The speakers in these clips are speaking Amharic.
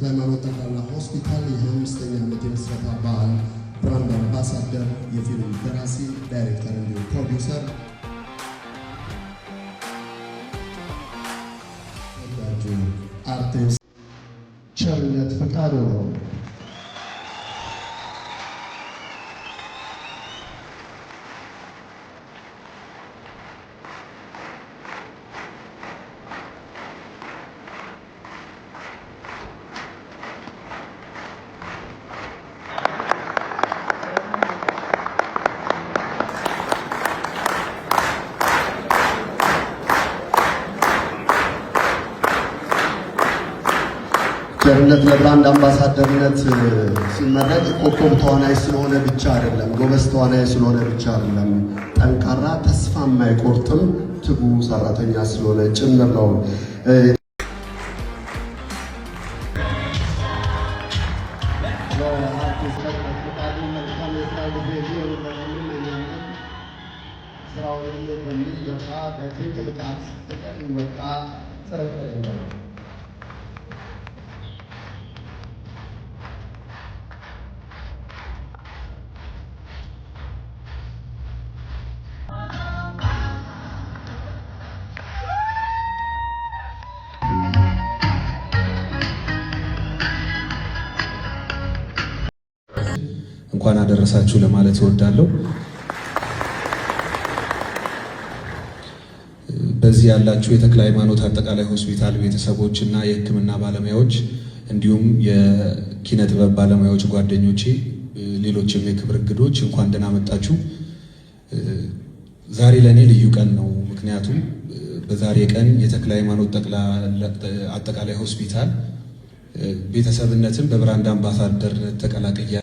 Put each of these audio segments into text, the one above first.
ተክለ ሃይማኖት ጠቅላላ ሆስፒታል የአምስተኛ ዓመት የምስረታ በዓል ብራንድ አምባሳደር፣ የፊልም ደራሲ፣ ዳይሬክተር እንዲሁም ፕሮዲውሰር አርቲስት ቸርነት ፈቃዱ ነው። አምባሳደርነት ለብራንድ አምባሳደርነት ሲመረጥ ኮከብ ተዋናይ ስለሆነ ብቻ አይደለም፣ ጎበዝ ተዋናይ ስለሆነ ብቻ አይደለም፣ ጠንካራ ተስፋ የማይቆርጥም ትጉ ሰራተኛ ስለሆነ ጭምር ነው። ስራው በሚል ወጣ በትክክል ቃት ጥቀን ወጣ እንኳን አደረሳችሁ ለማለት እወዳለሁ። በዚህ ያላችሁ የተክለ ሃይማኖት አጠቃላይ ሆስፒታል ቤተሰቦች እና የሕክምና ባለሙያዎች እንዲሁም የኪነ ጥበብ ባለሙያዎች ጓደኞቼ፣ ሌሎችም የክብር እንግዶች እንኳን ደህና መጣችሁ። ዛሬ ለእኔ ልዩ ቀን ነው። ምክንያቱም በዛሬ ቀን የተክለ ሃይማኖት አጠቃላይ ሆስፒታል ቤተሰብነትን በብራንድ አምባሳደርነት ተቀላቅያ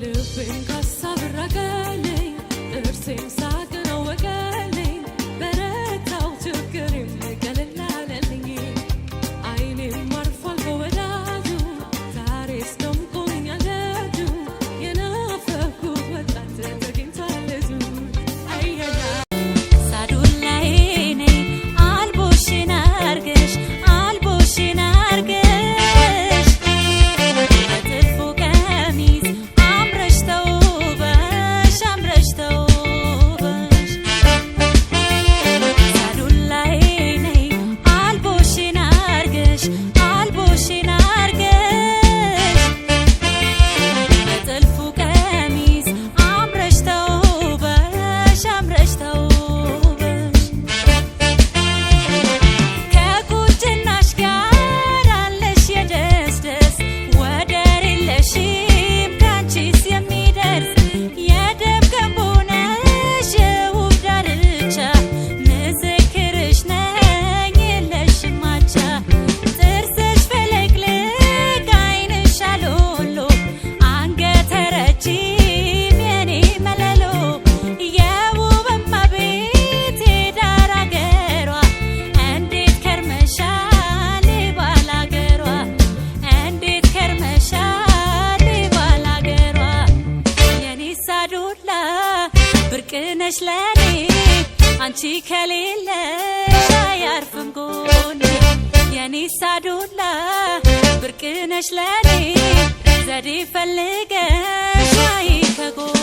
ልቤን ካሳብራቀለኝ ጥርሴን ከሌለ አያርፍም ጎኔ የኔሳ ብርቅነሽ ለኔ ዘዴ ፈልገሽ